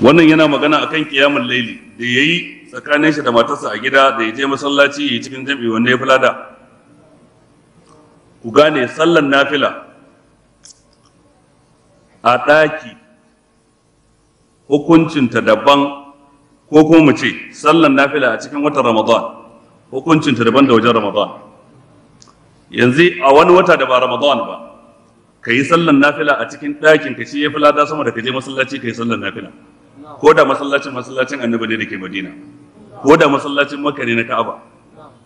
wannan yana magana akan kiyamul laili da yayi tsakanin shi da matarsa a gida da yaje masallaci yayi cikin jami'i wanda ya fulada ku gane sallan nafila a ɗaki hukuncinta daban ko kuma mu ce sallan nafila a cikin watan ramadan hukuncinta daban da wajen ramadan yanzu a wani wata da ba ramadan ba ka yi sallan nafila a cikin ɗakin ka shi ya fulada sama da ka je masallaci ka yi sallan nafila ko da masallacin masallacin annabi ne da ke madina ko da masallacin makka ne na ka'aba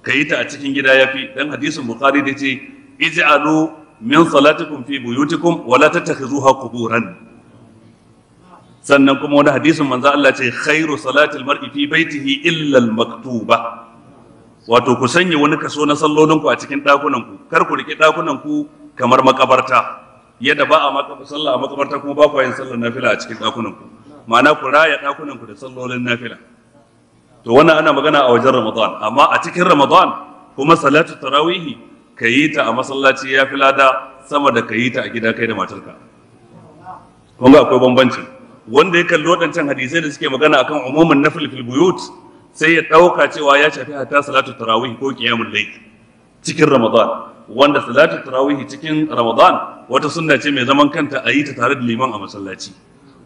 ka yi ta a cikin gida ya fi dan hadisin bukari da ce ij'alu min salatikum fi buyutikum wa la tattakhizuha quburan sannan kuma wani hadisin manzo Allah ce khairu salatil mar'i fi baitihi illa al maktuba wato ku sanya wani kaso na sallolinku a cikin ɗakunanku kar ku riƙe ɗakunanku kamar makabarta yadda ba a sallah a makabarta kuma ba ku yin sallar nafila a cikin ɗakunanku ma'ana ku raya ɗakunan ku da sallolin nafila to wannan ana magana a wajen ramadan amma a cikin ramadan kuma salatu tarawihi ka yi ta a masallaci ya fi lada sama da ka yi ta a gida kai da matarka kun akwai bambanci wanda ya kalli waɗancan hadisai da suke magana a kan umumin na fil buyut sai ya ɗauka cewa ya shafi hatta salatu tarawihi ko qiyamul layl cikin ramadan wanda salatu tarawihi cikin ramadan wata sunna ce mai zaman kanta a yi ta tare da liman a masallaci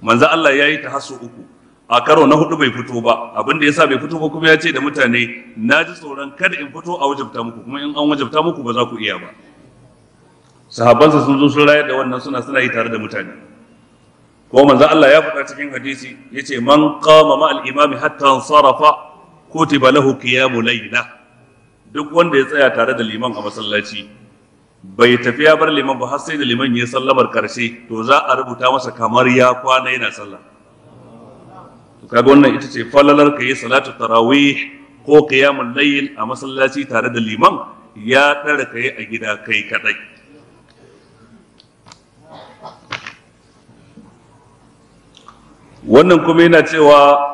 manzo Allah ya yi ta hasu uku a karo na hudu bai fito ba abin da ya sa bai fito ba kuma ya ce da mutane na ji tsoron kada in fito a wajabta muku kuma in an wajabta muku ba za ku iya ba sahabbansa sun zo sun rayar da wannan suna suna yi tare da mutane ko manzo Allah ya faɗa cikin hadisi yace man qama ma al-imam hatta sarafa kutiba lahu qiyamul layla duk wanda ya tsaya tare da liman a masallaci bai tafi ya bar liman ba har sai da liman ya sallamar karshe to za a rubuta masa kamar ya kwana yana sallah to kaga wannan ita ce falalar ka yi salatu tarawih ko qiyamul layl a masallaci tare da liman ya tsara kai a gida kai kadai wannan kuma yana cewa